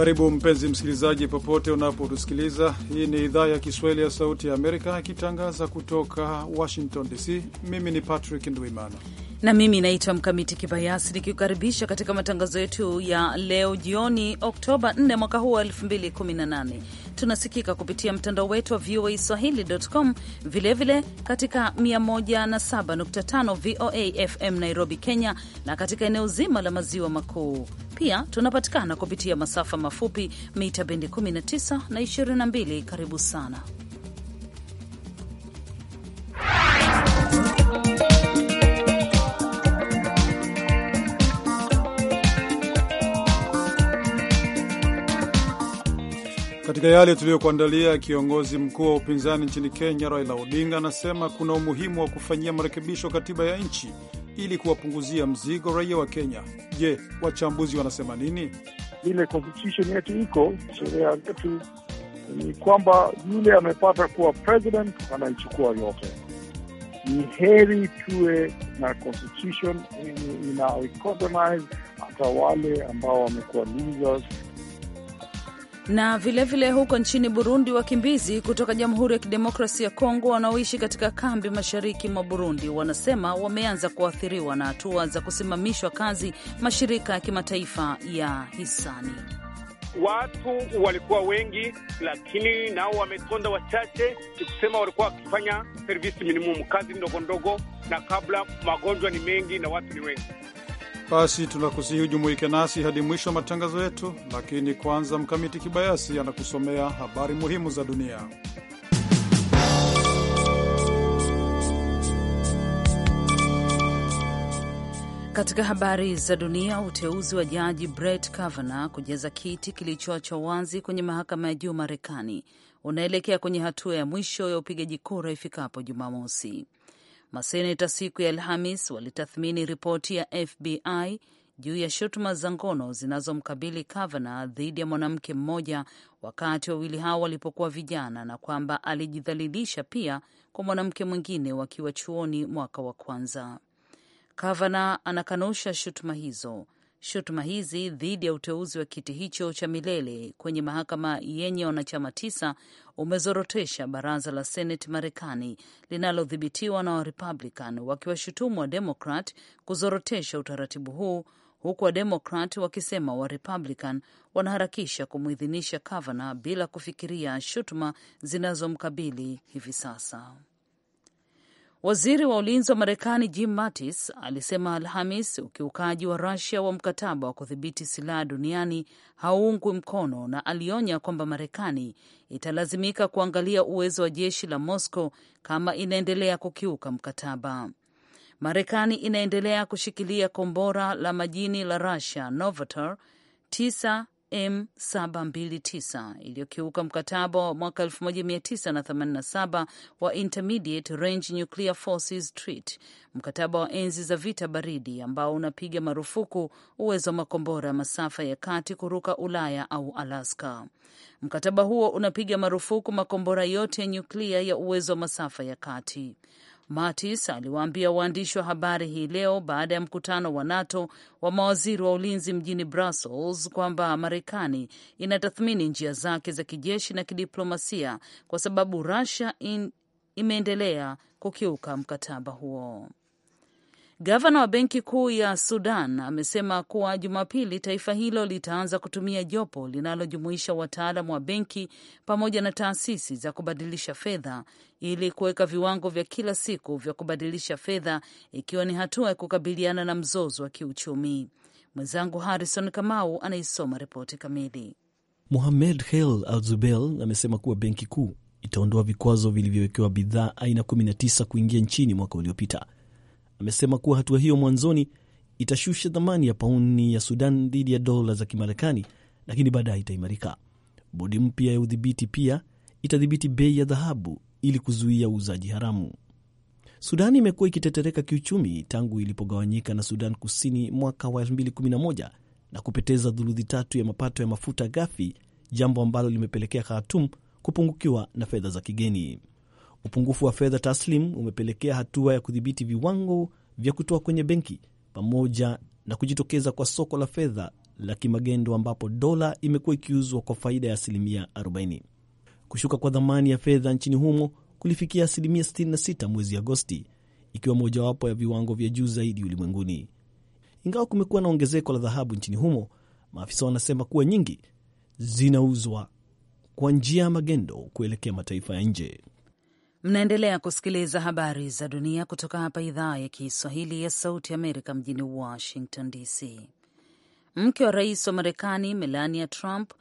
Karibu mpenzi msikilizaji, popote unapotusikiliza. Hii ni idhaa ya Kiswahili ya Sauti ya Amerika ikitangaza kutoka Washington DC. Mimi ni Patrick Ndwimana na mimi naitwa Mkamiti Kibayasi nikikukaribisha katika matangazo yetu ya leo jioni, Oktoba 4 mwaka huu wa 2018. Tunasikika kupitia mtandao wetu wa VOA Swahili.com, vilevile katika 107.5 VOA FM Nairobi, Kenya, na katika eneo zima la maziwa makuu. Pia tunapatikana kupitia masafa mafupi mita bendi 19 na 22. Karibu sana. Katika yale tuliyokuandalia, kiongozi mkuu wa upinzani nchini Kenya Raila Odinga anasema kuna umuhimu wa kufanyia marekebisho katiba ya nchi ili kuwapunguzia mzigo raia wa Kenya. Je, wachambuzi wanasema nini? Ile constitution yetu iko sheria yetu ni kwamba yule amepata kuwa president anaichukua yote. Ni heri tuwe na constitution ina recognize hata wale ambao wamekuwa na vilevile vile huko nchini Burundi, wakimbizi kutoka Jamhuri ya Kidemokrasi ya Kongo wanaoishi katika kambi mashariki mwa Burundi wanasema wameanza kuathiriwa na hatua za kusimamishwa kazi mashirika ya kimataifa ya hisani. Watu walikuwa wengi, lakini nao wametonda wachache, ikusema walikuwa wakifanya servisi minimumu, kazi ndogo ndogo, na kabla magonjwa ni mengi na watu ni wengi. Basi tunakusihi ujumuike nasi hadi mwisho wa matangazo yetu, lakini kwanza, Mkamiti Kibayasi anakusomea habari muhimu za dunia. Katika habari za dunia, uteuzi wa jaji Brett Kavanaugh kujaza kiti kilichoachwa wazi kwenye mahakama ya juu Marekani unaelekea kwenye hatua ya mwisho ya upigaji kura ifikapo Jumamosi. Maseneta siku ya Alhamis walitathmini ripoti ya FBI juu ya shutuma za ngono zinazomkabili Kavana dhidi ya mwanamke mmoja wakati wawili hao walipokuwa vijana, na kwamba alijidhalilisha pia kwa mwanamke mwingine wakiwa chuoni mwaka wa kwanza. kavana anakanusha shutuma hizo shutuma hizi dhidi ya uteuzi wa kiti hicho cha milele kwenye mahakama yenye wanachama tisa umezorotesha baraza la Seneti Marekani linalodhibitiwa na Warepublican wakiwashutumu Wademokrat kuzorotesha utaratibu huu huku Wademokrat wakisema Warepublican wanaharakisha kumwidhinisha kavana bila kufikiria shutuma zinazomkabili hivi sasa. Waziri wa ulinzi wa Marekani Jim Mattis alisema Alhamis ukiukaji wa Rusia wa mkataba wa kudhibiti silaha duniani hauungwi mkono, na alionya kwamba Marekani italazimika kuangalia uwezo wa jeshi la Moscow kama inaendelea kukiuka mkataba. Marekani inaendelea kushikilia kombora la majini la Rusia Novator M729 iliyokiuka mkataba wa mwaka 1987 wa Intermediate Range Nuclear Forces Treaty, mkataba wa enzi za vita baridi ambao unapiga marufuku uwezo wa makombora ya masafa ya kati kuruka Ulaya au Alaska. Mkataba huo unapiga marufuku makombora yote ya nyuklia ya uwezo wa masafa ya kati. Mattis aliwaambia waandishi wa habari hii leo baada ya mkutano wa NATO wa mawaziri wa ulinzi mjini Brussels kwamba Marekani inatathmini njia zake za kijeshi na kidiplomasia kwa sababu Russia in imeendelea kukiuka mkataba huo. Gavana wa Benki Kuu ya Sudan amesema kuwa Jumapili taifa hilo litaanza kutumia jopo linalojumuisha wataalam wa benki pamoja na taasisi za kubadilisha fedha ili kuweka viwango vya kila siku vya kubadilisha fedha ikiwa ni hatua ya kukabiliana na mzozo wa kiuchumi. Mwenzangu Harrison Kamau anaisoma ripoti kamili. muhamed Hel Al Zubel amesema kuwa benki kuu itaondoa vikwazo vilivyowekewa bidhaa aina 19 kuingia nchini mwaka uliopita amesema kuwa hatua hiyo mwanzoni itashusha thamani ya pauni ya Sudan dhidi ya dola za Kimarekani, lakini baadaye itaimarika. Bodi mpya ya udhibiti pia itadhibiti bei ya dhahabu ili kuzuia uuzaji haramu. Sudan imekuwa ikitetereka kiuchumi tangu ilipogawanyika na Sudan Kusini mwaka wa 2011 na kupoteza thuluthi tatu ya mapato ya mafuta ghafi, jambo ambalo limepelekea Khartoum kupungukiwa na fedha za kigeni. Upungufu wa fedha taslim umepelekea hatua ya kudhibiti viwango vya kutoa kwenye benki pamoja na kujitokeza kwa soko la fedha la kimagendo ambapo dola imekuwa ikiuzwa kwa faida ya asilimia 40. Kushuka kwa dhamani ya fedha nchini humo kulifikia asilimia 66 mwezi Agosti, ikiwa mojawapo ya viwango vya juu zaidi ulimwenguni. Ingawa kumekuwa na ongezeko la dhahabu nchini humo, maafisa wanasema kuwa nyingi zinauzwa kwa njia ya magendo kuelekea mataifa ya nje. Mnaendelea kusikiliza habari za dunia kutoka hapa idhaa ya Kiswahili ya Sauti Amerika mjini Washington DC. Mke wa rais wa Marekani Melania Trump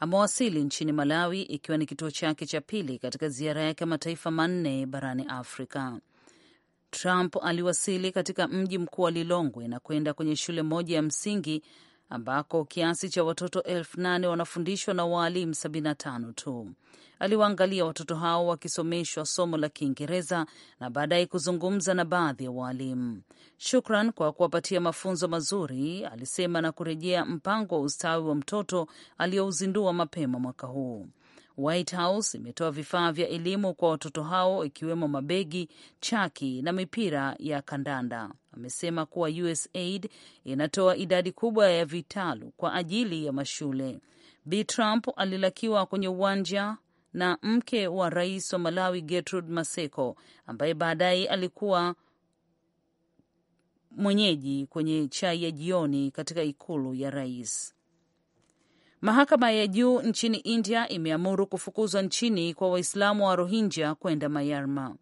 amewasili nchini Malawi ikiwa ni kituo chake cha pili katika ziara yake ya mataifa manne barani Afrika. Trump aliwasili katika mji mkuu wa Lilongwe na kwenda kwenye shule moja ya msingi ambako kiasi cha watoto elfu nane wanafundishwa na waalimu 75 tu. Aliwaangalia watoto hao wakisomeshwa somo la Kiingereza na baadaye kuzungumza na baadhi ya waalimu. Shukran kwa kuwapatia mafunzo mazuri, alisema, na kurejea mpango wa ustawi wa mtoto aliouzindua mapema mwaka huu. White House imetoa vifaa vya elimu kwa watoto hao ikiwemo mabegi, chaki na mipira ya kandanda. Amesema kuwa USAID inatoa idadi kubwa ya vitalu kwa ajili ya mashule. b Trump alilakiwa kwenye uwanja na mke wa rais wa Malawi Gertrude Maseko ambaye baadaye alikuwa mwenyeji kwenye chai ya jioni katika ikulu ya rais. Mahakama ya juu nchini India imeamuru kufukuzwa nchini kwa Waislamu wa Rohingya kwenda Myanmar.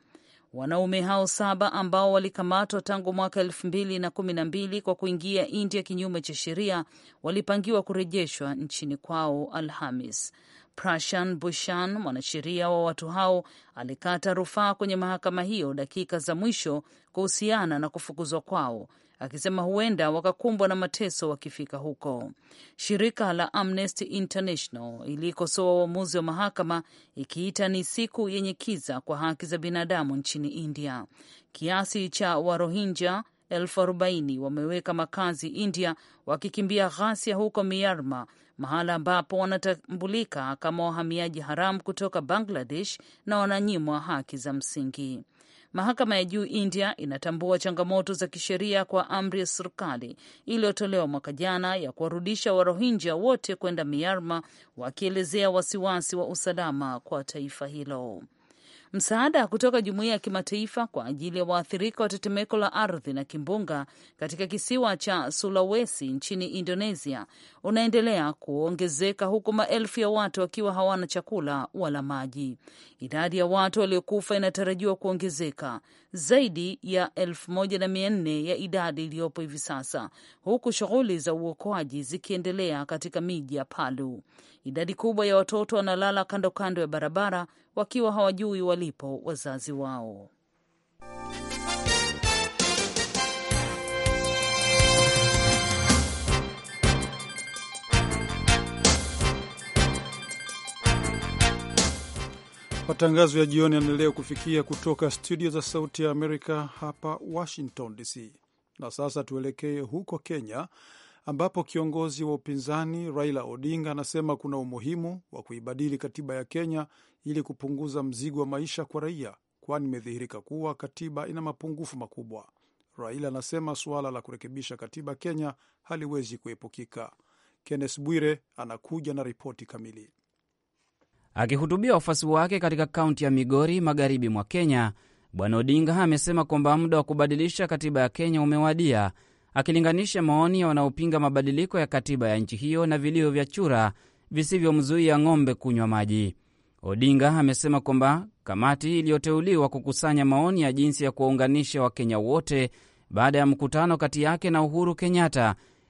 Wanaume hao saba ambao walikamatwa tangu mwaka elfu mbili na kumi na mbili kwa kuingia India kinyume cha sheria walipangiwa kurejeshwa nchini kwao Alhamis. Prashan Bushan, mwanasheria wa watu hao, alikata rufaa kwenye mahakama hiyo dakika za mwisho kuhusiana na kufukuzwa kwao, akisema huenda wakakumbwa na mateso wakifika huko. Shirika la Amnesty International ilikosoa uamuzi wa mahakama ikiita ni siku yenye kiza kwa haki za binadamu nchini India. Kiasi cha Warohinja elfu arobaini wameweka makazi India wakikimbia ghasia huko Myanmar, mahala ambapo wanatambulika kama wahamiaji haramu kutoka Bangladesh na wananyimwa haki za msingi. Mahakama ya Juu India inatambua changamoto za kisheria kwa amri ya serikali iliyotolewa mwaka jana ya kuwarudisha Warohinja wote kwenda Myanmar, wakielezea wasiwasi wa usalama kwa taifa hilo. Msaada kutoka jumuiya ya kimataifa kwa ajili ya waathirika wa tetemeko la ardhi na kimbunga katika kisiwa cha Sulawesi nchini Indonesia unaendelea kuongezeka huku maelfu ya watu wakiwa hawana chakula wala maji. Idadi ya watu waliokufa inatarajiwa kuongezeka zaidi ya 1400 ya idadi iliyopo hivi sasa, huku shughuli za uokoaji zikiendelea katika miji ya Palu. Idadi kubwa ya watoto wanalala kando kando ya barabara wakiwa hawajui walipo wazazi wao. Matangazo ya jioni yanaendelea kufikia kutoka studio za Sauti ya Amerika hapa Washington DC. Na sasa tuelekee huko Kenya, ambapo kiongozi wa upinzani Raila Odinga anasema kuna umuhimu wa kuibadili katiba ya Kenya ili kupunguza mzigo wa maisha kwa raia, kwani imedhihirika kuwa katiba ina mapungufu makubwa. Raila anasema suala la kurekebisha katiba Kenya haliwezi kuepukika. Kennes Bwire anakuja na ripoti kamili. Akihutubia wafuasi wake katika kaunti ya Migori, magharibi mwa Kenya, Bwana Odinga amesema kwamba muda wa kubadilisha katiba ya Kenya umewadia, akilinganisha maoni ya wanaopinga mabadiliko ya katiba ya nchi hiyo na vilio vya chura visivyomzuia ng'ombe kunywa maji. Odinga amesema kwamba kamati iliyoteuliwa kukusanya maoni ya jinsi ya kuwaunganisha Wakenya wote baada ya mkutano kati yake na Uhuru Kenyatta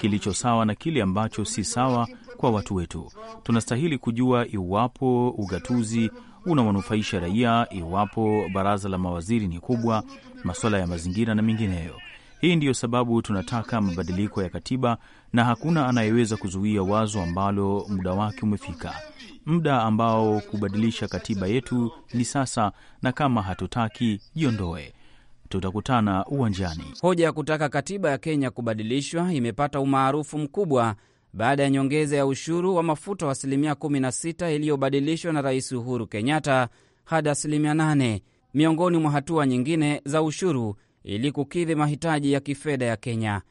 kilicho sawa na kile ambacho si sawa kwa watu wetu. Tunastahili kujua iwapo ugatuzi unawanufaisha raia, iwapo baraza la mawaziri ni kubwa, masuala ya mazingira na mengineyo. Hii ndiyo sababu tunataka mabadiliko ya katiba, na hakuna anayeweza kuzuia wazo ambalo muda wake umefika, muda ambao kubadilisha katiba yetu ni sasa, na kama hatutaki jiondoe tutakutana uwanjani. Hoja ya kutaka katiba ya Kenya kubadilishwa imepata umaarufu mkubwa baada ya nyongeza ya ushuru wa mafuta wa asilimia 16 iliyobadilishwa na Rais Uhuru Kenyatta hadi asilimia 8 miongoni mwa hatua nyingine za ushuru ili kukidhi mahitaji ya kifedha ya Kenya.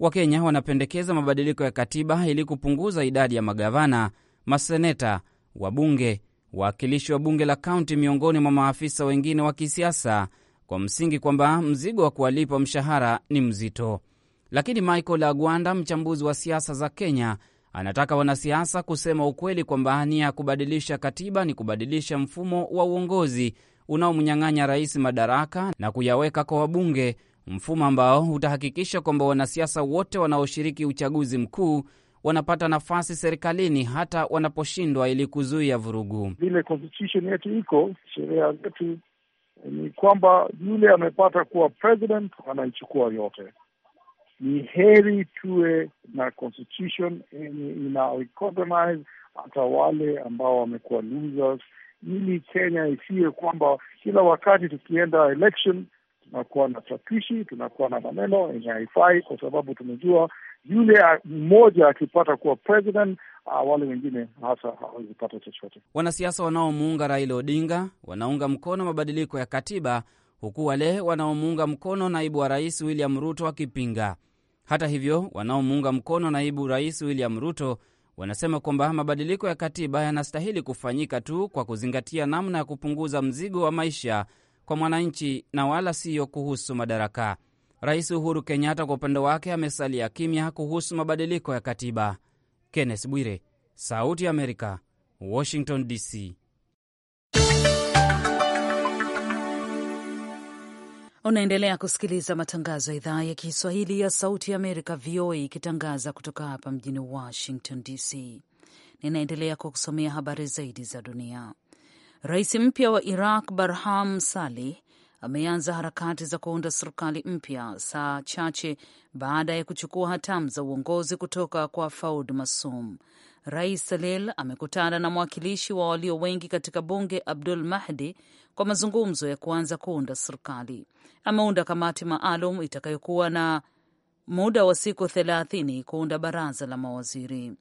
Wakenya wanapendekeza mabadiliko ya katiba ili kupunguza idadi ya magavana, maseneta, wabunge, wawakilishi wa bunge la kaunti, miongoni mwa maafisa wengine wa kisiasa kwa msingi kwamba mzigo wa kuwalipa mshahara ni mzito. Lakini Michael Agwanda, mchambuzi wa siasa za Kenya, anataka wanasiasa kusema ukweli kwamba nia ya kubadilisha katiba ni kubadilisha mfumo wa uongozi unaomnyang'anya rais madaraka na kuyaweka kwa wabunge, mfumo ambao utahakikisha kwamba wanasiasa wote wanaoshiriki uchaguzi mkuu wanapata nafasi serikalini hata wanaposhindwa, ili kuzuia vurugu. Vile constitution yetu iko, sheria zetu ni kwamba yule amepata kuwa president anaichukua yote. Ni heri tuwe na constitution yenye ina recognize hata wale ambao wamekuwa losers, ili Kenya isiwe kwamba kila wakati tukienda election tunakuwa na tapishi, tunakuwa na maneno yenye haifai, kwa sababu tumejua yule mmoja akipata kuwa president Ah, wale wengine hasa hawezi pata chochote. Wanasiasa wanaomuunga Raila Odinga wanaunga mkono mabadiliko ya katiba, huku wale wanaomuunga mkono naibu wa rais William Ruto wakipinga. Hata hivyo, wanaomuunga mkono naibu rais William Ruto wanasema kwamba mabadiliko ya katiba yanastahili kufanyika tu kwa kuzingatia namna ya kupunguza mzigo wa maisha kwa mwananchi na wala siyo kuhusu madaraka. Rais Uhuru Kenyatta kwa upande wake amesalia kimya kuhusu mabadiliko ya katiba. Kenneth Bwire, Sauti ya Amerika, Washington DC. Unaendelea kusikiliza matangazo ya idhaa ya Kiswahili ya Sauti ya Amerika, VOA, ikitangaza kutoka hapa mjini Washington DC. Ninaendelea kwa kusomea habari zaidi za dunia. Rais mpya wa Iraq Barham Salih ameanza harakati za kuunda serikali mpya saa chache baada ya kuchukua hatamu za uongozi kutoka kwa Faud Masum. Rais Salil amekutana na mwakilishi wa walio wengi katika bunge Abdul Mahdi kwa mazungumzo ya kuanza kuunda serikali. Ameunda kamati maalum itakayokuwa na muda wa siku thelathini kuunda baraza la mawaziri.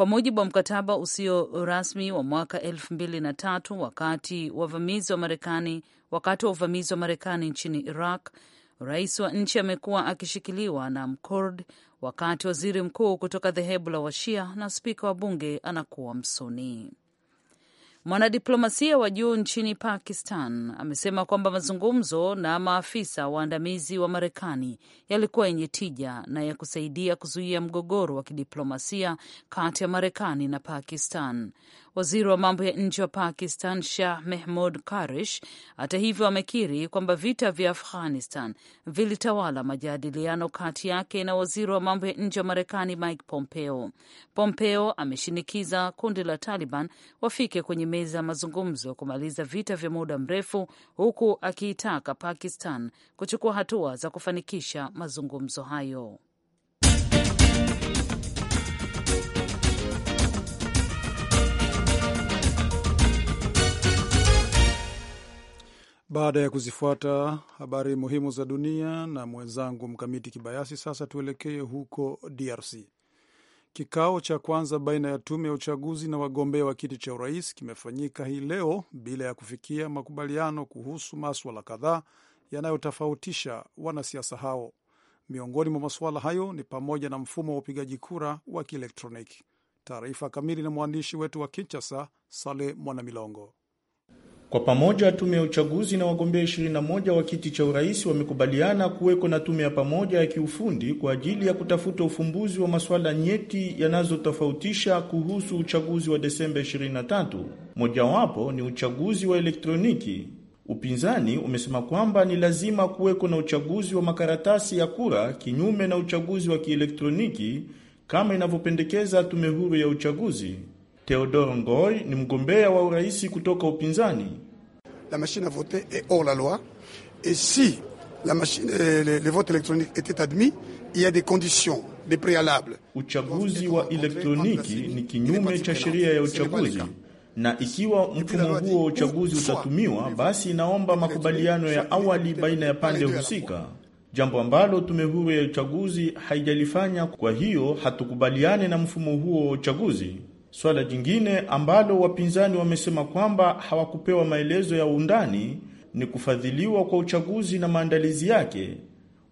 Kwa mujibu wa mkataba usio rasmi wa mwaka elfu mbili na tatu wakati wavamizi wa Marekani wakati wa uvamizi wa Marekani nchini Iraq, rais wa nchi amekuwa akishikiliwa na Mkurd, wakati waziri mkuu kutoka dhehebu la Washia na spika wa bunge anakuwa Msuni. Mwanadiplomasia wa juu nchini Pakistan amesema kwamba mazungumzo na maafisa waandamizi wa Marekani yalikuwa yenye tija na ya kusaidia kuzuia mgogoro wa kidiplomasia kati ya Marekani na Pakistan. Waziri wa mambo ya nje wa Pakistan Shah mehmud karish hata hivyo, amekiri kwamba vita vya Afghanistan vilitawala majadiliano kati yake na waziri wa mambo ya nje wa Marekani Mike Pompeo. Pompeo ameshinikiza kundi la Taliban wafike kwenye meza ya mazungumzo ya kumaliza vita vya muda mrefu, huku akiitaka Pakistan kuchukua hatua za kufanikisha mazungumzo hayo. Baada ya kuzifuata habari muhimu za dunia na mwenzangu Mkamiti Kibayasi, sasa tuelekee huko DRC. Kikao cha kwanza baina ya tume ya uchaguzi na wagombea wa kiti cha urais kimefanyika hii leo bila ya kufikia makubaliano kuhusu maswala kadhaa yanayotofautisha wanasiasa hao. Miongoni mwa masuala hayo ni pamoja na mfumo wa upigaji kura wa kielektroniki. Taarifa kamili na mwandishi wetu wa kinchasa Sale Mwanamilongo. Kwa pamoja tume ya uchaguzi na wagombea 21 wa kiti cha urais wamekubaliana kuweko na tume ya pamoja ya kiufundi kwa ajili ya kutafuta ufumbuzi wa masuala nyeti yanazotofautisha kuhusu uchaguzi wa Desemba 23. Mojawapo ni uchaguzi wa elektroniki. Upinzani umesema kwamba ni lazima kuweko na uchaguzi wa makaratasi ya kura kinyume na uchaguzi wa kielektroniki kama inavyopendekeza tume huru ya uchaguzi. Theodore Ngoy ni mgombea wa urais kutoka upinzani. La machine à voter est hors la loi et si la machine, eh, le, le vote électronique était admis, il y a des conditions de préalables. Uchaguzi wa elektroniki ni kinyume cha sheria ya uchaguzi na ikiwa mfumo huo wa uchaguzi utatumiwa, basi inaomba makubaliano ya awali baina ya pande husika, jambo ambalo tume huru ya uchaguzi haijalifanya. Kwa hiyo hatukubaliane na mfumo huo wa uchaguzi. Swala jingine ambalo wapinzani wamesema kwamba hawakupewa maelezo ya undani ni kufadhiliwa kwa uchaguzi na maandalizi yake.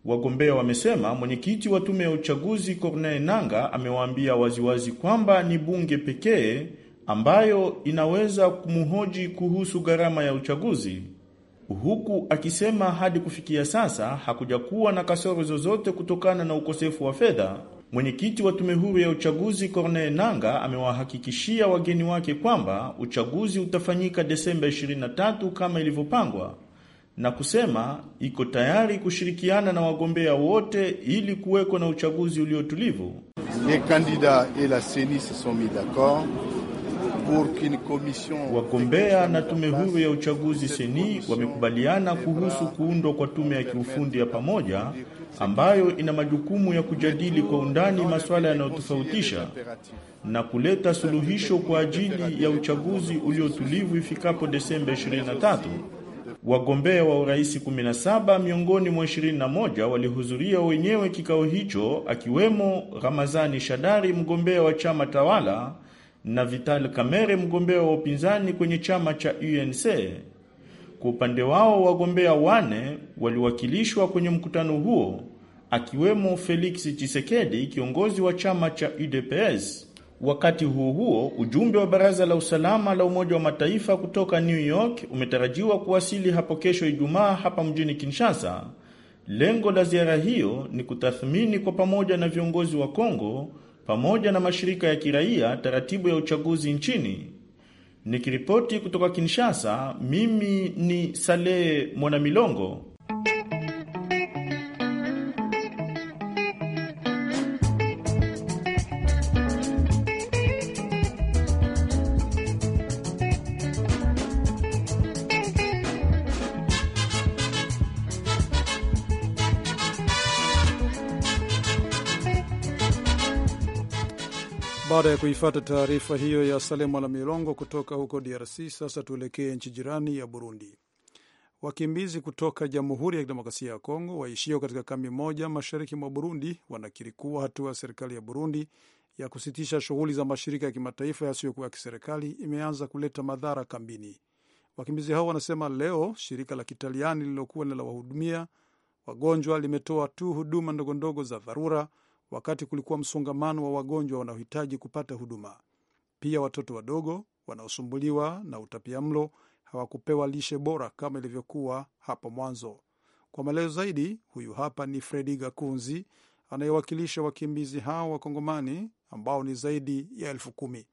Wagombea wamesema mwenyekiti wa tume ya uchaguzi Corneille Nanga amewaambia waziwazi kwamba ni bunge pekee ambayo inaweza kumhoji kuhusu gharama ya uchaguzi, huku akisema hadi kufikia sasa hakujakuwa na kasoro zozote kutokana na ukosefu wa fedha. Mwenyekiti wa tume huru ya uchaguzi Corneille Nanga amewahakikishia wageni wake kwamba uchaguzi utafanyika Desemba 23 kama ilivyopangwa na kusema iko tayari kushirikiana na wagombea wote ili kuweko na uchaguzi uliotulivu. Les candidats et la CENI se sont mis d'accord Wagombea na tume huru ya uchaguzi seni wamekubaliana kuhusu kuundwa kwa tume ya kiufundi ya pamoja ambayo ina majukumu ya kujadili kwa undani masuala yanayotofautisha na kuleta suluhisho kwa ajili ya uchaguzi uliotulivu ifikapo Desemba 23. Wagombea wa urais 17 miongoni mwa 21 walihudhuria wenyewe kikao hicho, akiwemo Ramazani Shadari, mgombea wa chama tawala na Vital Kamerhe, mgombea wa upinzani kwenye chama cha UNC. Kwa upande wao wagombea wane waliwakilishwa kwenye mkutano huo, akiwemo Felix Chisekedi, kiongozi wa chama cha UDPS. Wakati huo huo, ujumbe wa Baraza la Usalama la Umoja wa Mataifa kutoka New York umetarajiwa kuwasili hapo kesho Ijumaa hapa mjini Kinshasa. Lengo la ziara hiyo ni kutathmini kwa pamoja na viongozi wa Kongo pamoja na mashirika ya kiraia taratibu ya uchaguzi nchini. Nikiripoti kutoka Kinshasa, mimi ni Saleh Mwanamilongo Baada ya kuifata taarifa hiyo ya Salema la Milongo kutoka huko DRC, sasa tuelekee nchi jirani ya Burundi. Wakimbizi kutoka Jamhuri ya Kidemokrasia ya Kongo waishio katika kambi moja mashariki mwa Burundi wanakiri kuwa hatua ya serikali ya Burundi ya kusitisha shughuli za mashirika ya kimataifa yasiyokuwa ya kiserikali imeanza kuleta madhara kambini. Wakimbizi hao wanasema leo shirika la Kitaliani lililokuwa linawahudumia wagonjwa limetoa tu huduma ndogondogo za dharura wakati kulikuwa msongamano wa wagonjwa wanaohitaji kupata huduma. Pia watoto wadogo wanaosumbuliwa na utapia mlo hawakupewa lishe bora kama ilivyokuwa hapo mwanzo. Kwa maelezo zaidi, huyu hapa ni Fredi Gakunzi anayewakilisha wakimbizi hao Wakongomani ambao ni zaidi ya elfu kumi.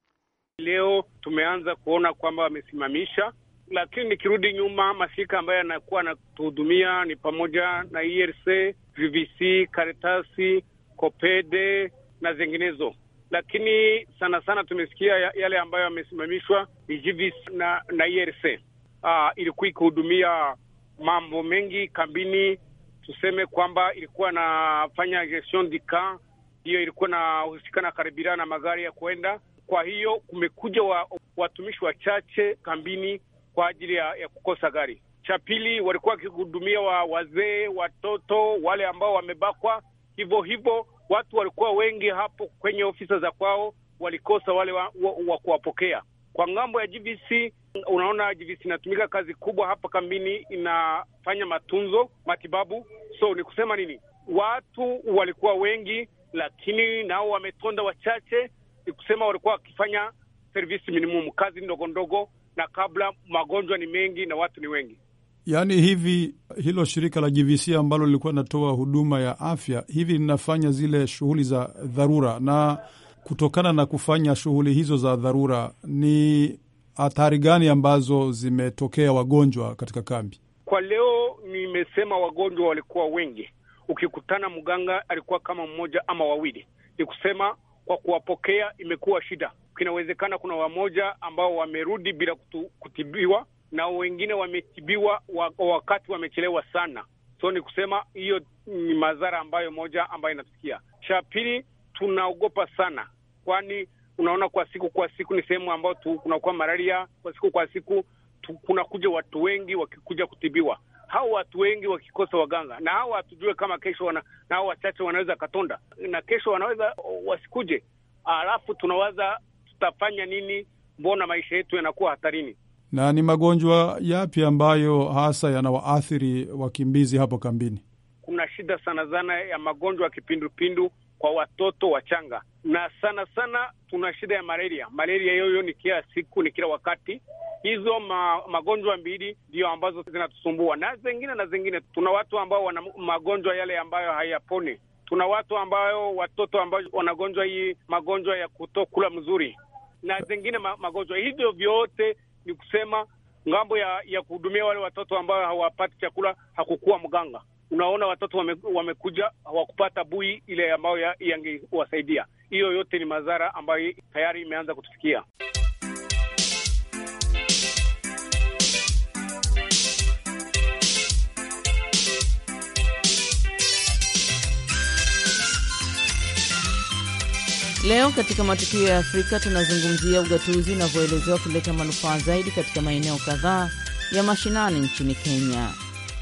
Leo tumeanza kuona kwamba wamesimamisha, lakini nikirudi nyuma, mashirika ambayo yanakuwa yanatuhudumia ni pamoja na ERC, VVC, Karitasi kopede na zinginezo, lakini sana sana tumesikia yale ambayo yamesimamishwa ni JVS na na IRC. E uh, ah, ilikuwa ikihudumia mambo mengi kambini, tuseme kwamba ilikuwa nafanya gestion du camp, hiyo ilikuwa nahusika na karibira na magari ya kuenda. Kwa hiyo kumekuja wa, watumishi wachache kambini kwa ajili ya, ya kukosa gari. Cha pili walikuwa wakihudumia wa wazee, watoto, wale ambao wamebakwa hivyo hivyo. Watu walikuwa wengi hapo kwenye ofisa za kwao, walikosa wale wa, wa, wa kuwapokea. Kwa ngambo ya GVC, unaona GVC inatumika kazi kubwa hapa kambini, inafanya matunzo, matibabu. So ni kusema nini, watu walikuwa wengi, lakini nao wametonda wachache. Ni kusema walikuwa wakifanya service minimum, kazi ndogo ndogo, na kabla magonjwa ni mengi na watu ni wengi. Yaani hivi hilo shirika la GVC ambalo lilikuwa linatoa huduma ya afya hivi linafanya zile shughuli za dharura, na kutokana na kufanya shughuli hizo za dharura, ni athari gani ambazo zimetokea wagonjwa katika kambi? Kwa leo nimesema wagonjwa walikuwa wengi, ukikutana mganga alikuwa kama mmoja ama wawili. Ni kusema kwa kuwapokea imekuwa shida. Kinawezekana kuna wamoja ambao wamerudi bila kutibiwa na wengine wametibiwa wakati wamechelewa sana. So ni kusema hiyo ni madhara ambayo moja ambayo inatusikia. Cha pili, tunaogopa sana, kwani unaona kwa siku kwa siku ni sehemu ambayo kunakuwa malaria kwa siku kwa siku kunakuja watu wengi wakikuja kutibiwa. Hao watu wengi wakikosa waganga, na hao hatujue kama kesho wana, na hao wachache wanaweza katonda na kesho wanaweza wasikuje, alafu tunawaza tutafanya nini? Mbona maisha yetu yanakuwa hatarini? na ni magonjwa yapi ambayo hasa yanawaathiri wakimbizi hapo kambini? Kuna shida sana sana ya magonjwa ya kipindupindu kwa watoto wachanga, na sana sana tuna shida ya malaria. Malaria hiyo ni kila siku, ni kila wakati. Hizo ma, magonjwa mbili ndio ambazo zinatusumbua na zengine na zengine. Tuna watu ambao wana magonjwa yale ambayo hayaponi. Tuna watu ambayo watoto ambao wanagonjwa hii magonjwa ya kutokula mzuri na zengine ma, magonjwa hivyo vyote ni kusema ngambo ya ya kuhudumia wale watoto ambao hawapati chakula hakukuwa mganga. Unaona, watoto wame, wamekuja hawakupata bui ile ambayo yangewasaidia. Hiyo yote ni madhara ambayo tayari imeanza kutufikia. Leo katika matukio ya Afrika tunazungumzia ugatuzi unavyoelezewa kuleta manufaa zaidi katika maeneo kadhaa ya mashinani nchini Kenya.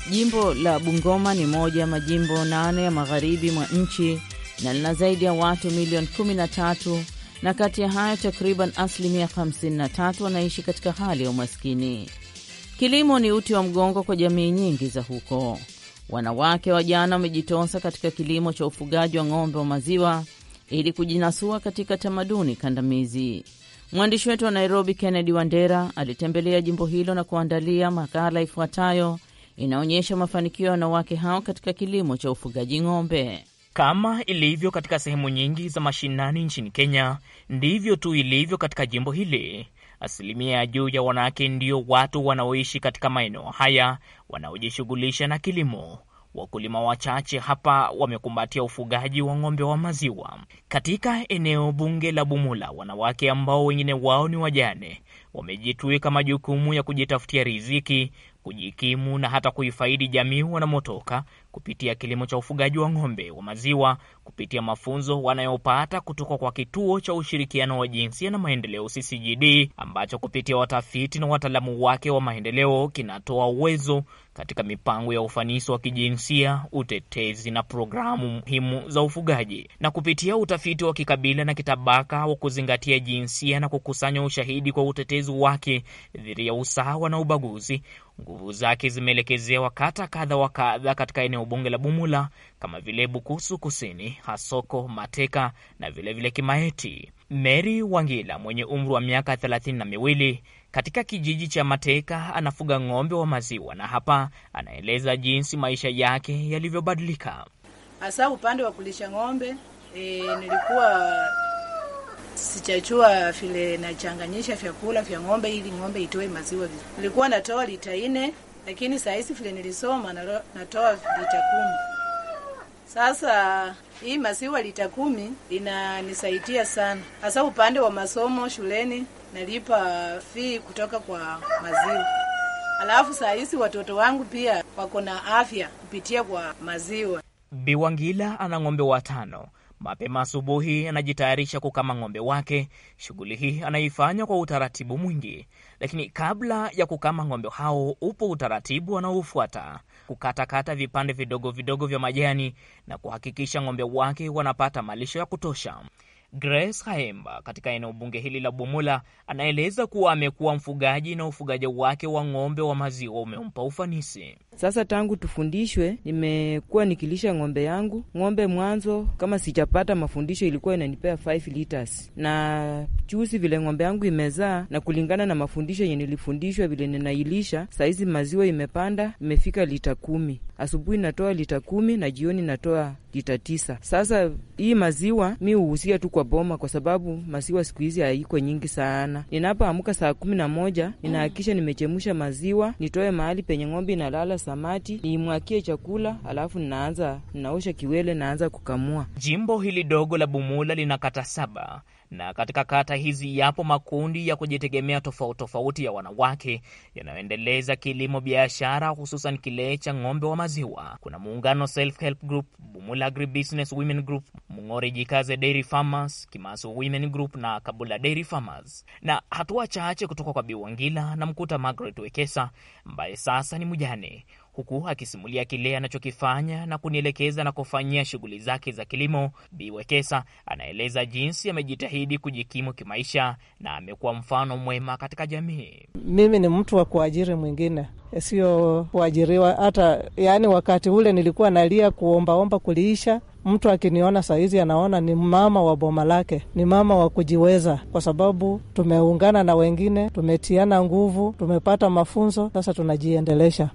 Jimbo la Bungoma ni moja ya majimbo nane ya magharibi mwa nchi na lina zaidi ya watu milioni 13, na kati ya hayo takriban asilimia 53 wanaishi katika hali ya umaskini. Kilimo ni uti wa mgongo kwa jamii nyingi za huko. Wanawake, wajana wamejitosa katika kilimo cha ufugaji wa ng'ombe wa maziwa ili kujinasua katika tamaduni kandamizi. Mwandishi wetu wa Nairobi, Kennedy Wandera, alitembelea jimbo hilo na kuandalia makala ifuatayo inaonyesha mafanikio ya wanawake hao katika kilimo cha ufugaji ng'ombe. Kama ilivyo katika sehemu nyingi za mashinani nchini Kenya, ndivyo tu ilivyo katika jimbo hili. Asilimia ya juu ya wanawake ndio watu wanaoishi katika maeneo haya wanaojishughulisha na kilimo wakulima wachache hapa wamekumbatia ufugaji wa ng'ombe wa maziwa. Katika eneo bunge la Bumula, wanawake ambao wengine wao ni wajane wamejituika majukumu ya kujitafutia riziki, kujikimu na hata kuifaidi jamii wanamotoka kupitia kilimo cha ufugaji wa ng'ombe wa maziwa kupitia mafunzo wanayopata kutoka kwa kituo cha ushirikiano wa jinsia na maendeleo CCGD ambacho kupitia watafiti na wataalamu wake wa maendeleo kinatoa uwezo katika mipango ya ufanisi wa kijinsia, utetezi na programu muhimu za ufugaji, na kupitia utafiti wa kikabila na kitabaka wa kuzingatia jinsia na kukusanya ushahidi kwa utetezi wake dhidi ya usawa na ubaguzi. Nguvu zake zimeelekezewa kata kadha wa kadha katika eneo bunge la Bumula kama vile Bukusu Kusini, Hasoko, Mateka na vilevile vile Kimaeti. Mary Wangila mwenye umri wa miaka thelathini na miwili katika kijiji cha Mateka anafuga ng'ombe wa maziwa, na hapa anaeleza jinsi maisha yake yalivyobadilika, hasa upande wa kulisha ng'ombe. E, nilikuwa sichachua vile nachanganyisha vyakula vya ng'ombe ili ng'ombe itoe maziwa vizuri. Nilikuwa natoa lita nne, lakini saa hizi vile nilisoma natoa lita kumi sasa hii maziwa lita kumi inanisaidia sana, hasa upande wa masomo shuleni, nalipa fee kutoka kwa maziwa. Alafu saa hizi watoto wangu pia wako na afya kupitia kwa maziwa. Biwangila ana ng'ombe watano. Mapema asubuhi anajitayarisha kukama ng'ombe wake. Shughuli hii anaifanya kwa utaratibu mwingi, lakini kabla ya kukama ng'ombe hao upo utaratibu anaofuata kukatakata vipande vidogo vidogo vya majani na kuhakikisha ng'ombe wake wanapata malisho ya kutosha. Grace Haemba katika eneo bunge hili la Bumula anaeleza kuwa amekuwa mfugaji na ufugaji wake wa ng'ombe wa maziwa umempa ufanisi. Sasa tangu tufundishwe, nimekuwa nikilisha ng'ombe yangu. Ng'ombe mwanzo kama sijapata mafundisho ilikuwa inanipea 5 liters, na chusi vile ng'ombe yangu imezaa na kulingana na mafundisho yenye nilifundishwa vile ninailisha, saizi maziwa imepanda imefika lita kumi. Asubuhi natoa lita kumi na jioni natoa lita tisa. Sasa hii maziwa mi huhusia tu kwa boma, kwa sababu maziwa siku hizi haiko nyingi sana. Ninapoamka saa kumi na moja ninahakikisha nimechemusha maziwa, nitoe mahali penye ng'ombe inalala samati, niimwakie chakula, alafu ninaanza ninaosha kiwele, naanza kukamua. Jimbo hili dogo la Bumula lina kata saba na katika kata hizi yapo makundi ya kujitegemea tofauti tofauti ya wanawake yanayoendeleza kilimo biashara, hususan kile cha ng'ombe wa maziwa. Kuna muungano Self Help Group, Bumula Business Women Group, Mung'ore Jikaze Dairy Farmers, Kimaso Women Group na Kabula Dairy Farmers. Na hatua chache kutoka kwa Biwangila na mkuta Margaret Wekesa ambaye sasa ni mjane huku akisimulia kile anachokifanya na kunielekeza na kufanyia shughuli zake za kilimo. Bi Wekesa anaeleza jinsi amejitahidi kujikimu kimaisha na amekuwa mfano mwema katika jamii. Mimi ni mtu wa kuajiri mwingine, sio kuajiriwa hata. Yaani wakati ule nilikuwa nalia kuombaomba kuliisha mtu akiniona sahizi anaona ni mama wa boma lake, ni mama wa kujiweza, kwa sababu tumeungana na wengine, tumetiana nguvu, tumepata mafunzo, sasa tunajiendelesha.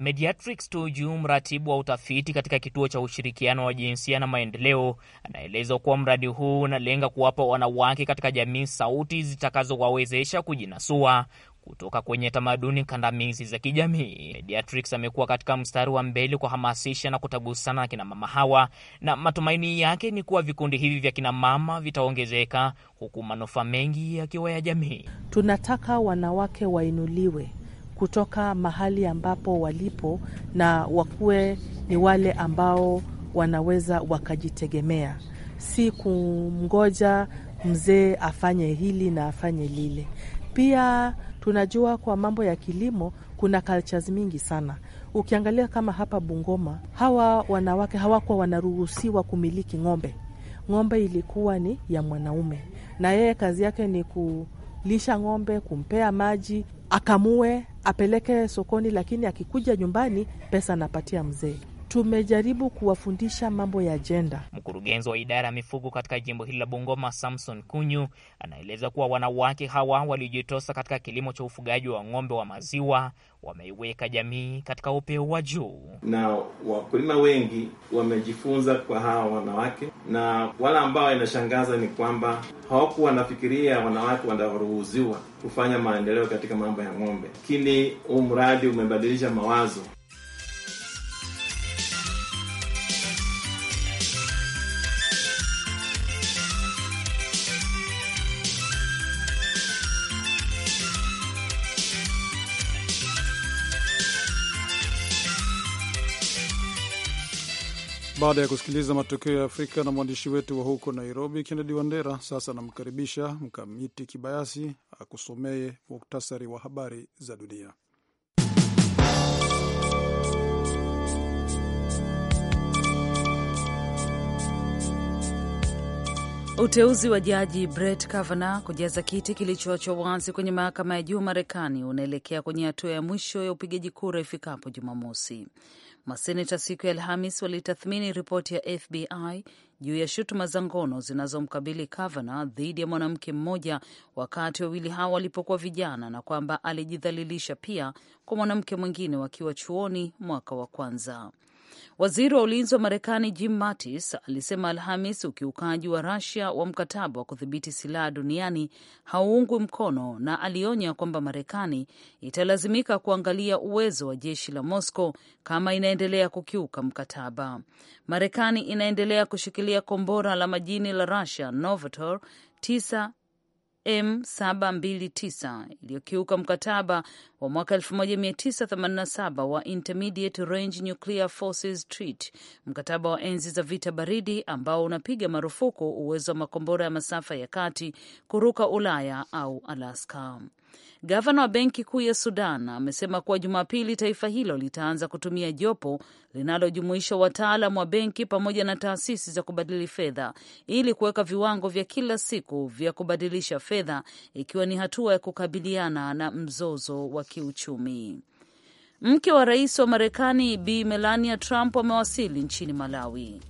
Mediatrix Tuju, mratibu wa utafiti katika kituo cha ushirikiano wa jinsia na maendeleo, anaeleza kuwa mradi huu unalenga kuwapa wanawake katika jamii sauti zitakazowawezesha kujinasua kutoka kwenye tamaduni kandamizi za kijamii. Mediatrix amekuwa katika mstari wa mbele kuhamasisha na kutagusana na kinamama hawa, na matumaini yake ni kuwa vikundi hivi vya kinamama vitaongezeka, huku manufaa mengi yakiwa ya jamii. Tunataka wanawake wainuliwe kutoka mahali ambapo walipo na wakuwe ni wale ambao wanaweza wakajitegemea, si kumngoja mzee afanye hili na afanye lile. Pia tunajua kwa mambo ya kilimo kuna cultures mingi sana. Ukiangalia kama hapa Bungoma, hawa wanawake hawakuwa wanaruhusiwa kumiliki ng'ombe. Ng'ombe ilikuwa ni ya mwanaume, na yeye kazi yake ni kulisha ng'ombe, kumpea maji, akamue, apeleke sokoni, lakini akikuja nyumbani pesa anapatia mzee tumejaribu kuwafundisha mambo ya jenda. Mkurugenzi wa idara ya mifugo katika jimbo hili la Bungoma, Samson Kunyu, anaeleza kuwa wanawake hawa waliojitosa katika kilimo cha ufugaji wa ng'ombe wa maziwa wameiweka jamii katika upeo wa juu, na wakulima wengi wamejifunza kwa hawa wanawake, na wale ambao inashangaza ni kwamba hawakuwa wanafikiria wanawake wanaruhusiwa kufanya maendeleo katika mambo ya ng'ombe, lakini huu mradi umebadilisha mawazo. Baada ya kusikiliza matokeo ya Afrika na mwandishi wetu wa huko Nairobi, Kennedy Wandera. Sasa anamkaribisha Mkamiti Kibayasi akusomee muktasari wa habari za dunia. Uteuzi wa jaji Brett Kavanaugh kujaza kiti kilichoachwa wazi kwenye mahakama ya juu Marekani unaelekea kwenye hatua ya mwisho ya upigaji kura ifikapo Jumamosi. Maseneta siku ya Alhamis walitathmini ripoti ya FBI juu ya shutuma za ngono zinazomkabili Kavanaugh dhidi ya mwanamke mmoja wakati wawili hao walipokuwa vijana, na kwamba alijidhalilisha pia kwa mwanamke mwingine wakiwa chuoni mwaka wa kwanza. Waziri wa ulinzi wa Marekani Jim Mattis alisema Alhamis ukiukaji wa Rusia wa mkataba wa kudhibiti silaha duniani hauungwi mkono, na alionya kwamba Marekani italazimika kuangalia uwezo wa jeshi la Moscow kama inaendelea kukiuka mkataba. Marekani inaendelea kushikilia kombora la majini la Rusia Novator 9 M729 iliyokiuka mkataba wa mwaka 1987 wa Intermediate Range Nuclear Forces Treaty, mkataba wa enzi za vita baridi ambao unapiga marufuku uwezo wa makombora ya masafa ya kati kuruka Ulaya au Alaska. Gavana wa Benki Kuu ya Sudan amesema kuwa Jumapili taifa hilo litaanza kutumia jopo linalojumuisha wataalam wa benki pamoja na taasisi za kubadili fedha ili kuweka viwango vya kila siku vya kubadilisha fedha, ikiwa ni hatua ya kukabiliana na mzozo wa kiuchumi. Mke wa rais wa Marekani Bi Melania Trump amewasili nchini Malawi.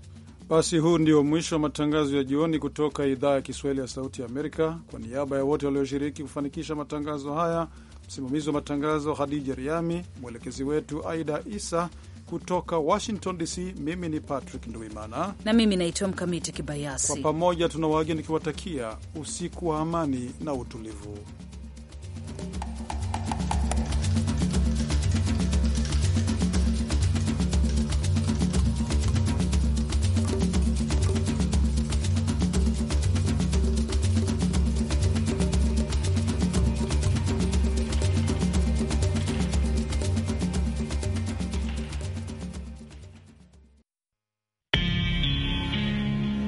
Basi huu ndio mwisho wa matangazo ya jioni kutoka idhaa ya Kiswahili ya Sauti ya Amerika. Kwa niaba ya wote walioshiriki kufanikisha matangazo haya, msimamizi wa matangazo Hadija Riami, mwelekezi wetu Aida Isa kutoka Washington DC, mimi ni Patrick Nduimana na mimi naitwa Mkamiti Kibayasi. Kwa pamoja tuna wageni nikiwatakia usiku wa amani na utulivu.